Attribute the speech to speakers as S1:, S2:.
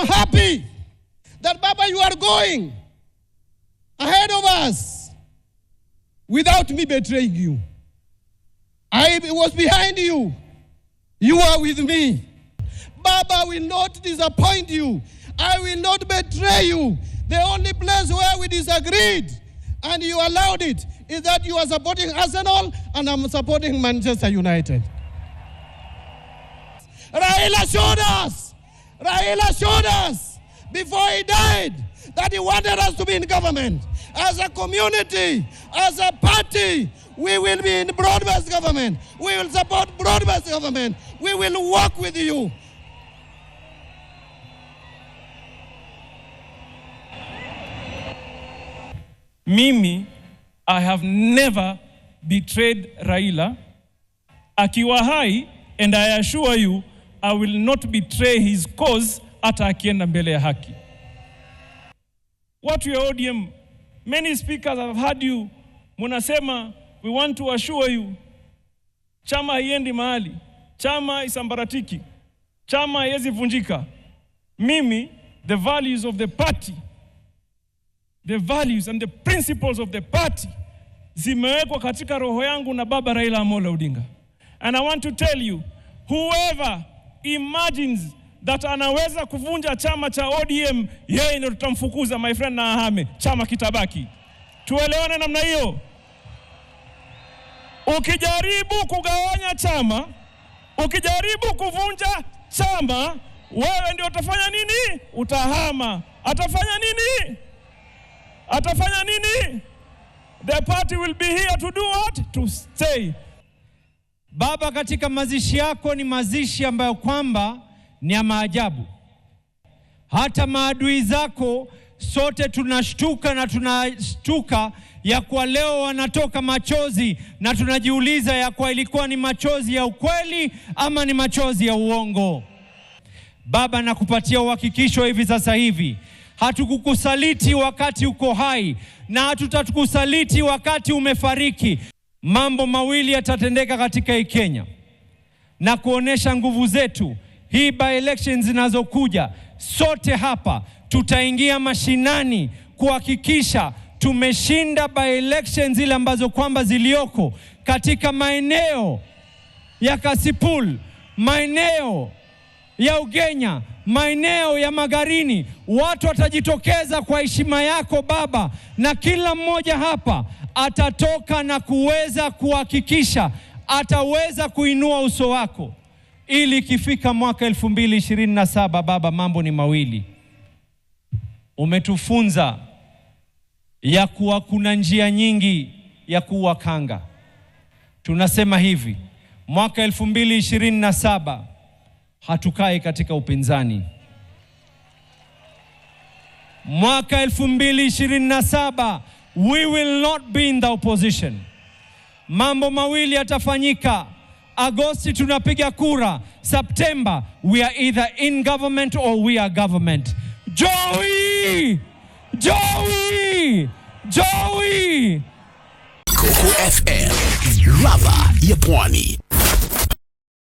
S1: I'm happy that, Baba, you are going ahead of us without me betraying you. I was behind you. You are with me. Baba will not disappoint you. I will not betray you. The only place where we disagreed and you allowed it is that you are supporting Arsenal and I'm supporting Manchester United. Raila showed us Raila showed us before he died that he wanted us to be in government. As a community, as a party, we will be in broad-based government. We will support broad-based government. We will work with you.
S2: Mimi, I have never betrayed Raila. Akiwa hai, and I assure you, I will not betray his cause hata akienda mbele ya haki. Watu ya ODM, many speakers have heard you munasema, we want to assure you, chama haiendi mahali, chama isambaratiki, chama haiwezi vunjika. Mimi, the values of the party, the values and the principles of the party zimewekwa katika roho yangu na baba Raila Amolo Odinga, and I want to tell you whoever imagines that anaweza kuvunja chama cha ODM, yeye ndio tutamfukuza my friend, na ahame chama kitabaki. Tuelewane namna hiyo. Ukijaribu kugawanya chama, ukijaribu kuvunja chama, wewe ndio utafanya nini? Utahama. Atafanya nini? Atafanya nini? The party will be here to do what? To stay. Baba, katika mazishi yako ni mazishi ambayo kwamba ni ya maajabu. Hata maadui zako sote tunashtuka na tunashtuka ya kwa leo wanatoka machozi, na tunajiuliza ya kwa ilikuwa ni machozi ya ukweli ama ni machozi ya uongo. Baba, nakupatia uhakikisho hivi sasa hivi hatukukusaliti wakati uko hai na hatutakusaliti wakati umefariki mambo mawili yatatendeka katika hii Kenya na kuonesha nguvu zetu. Hii by elections zinazokuja, sote hapa tutaingia mashinani kuhakikisha tumeshinda by elections zile ambazo kwamba zilioko katika maeneo ya Kasipul, maeneo ya Ugenya, maeneo ya Magarini. Watu watajitokeza kwa heshima yako baba, na kila mmoja hapa atatoka na kuweza kuhakikisha ataweza kuinua uso wako, ili ikifika mwaka saba Baba, mambo ni mawili. Umetufunza ya kuwa kuna njia nyingi ya kanga Tunasema hivi, mwaka saba hatukai katika upinzani. Mwaka saba We will not be in the opposition. Mambo mawili yatafanyika. Agosti tunapiga kura, Septemba we are either in government or we are government. Joey! Joey! Joey! Coco FM, ladha ya Pwani.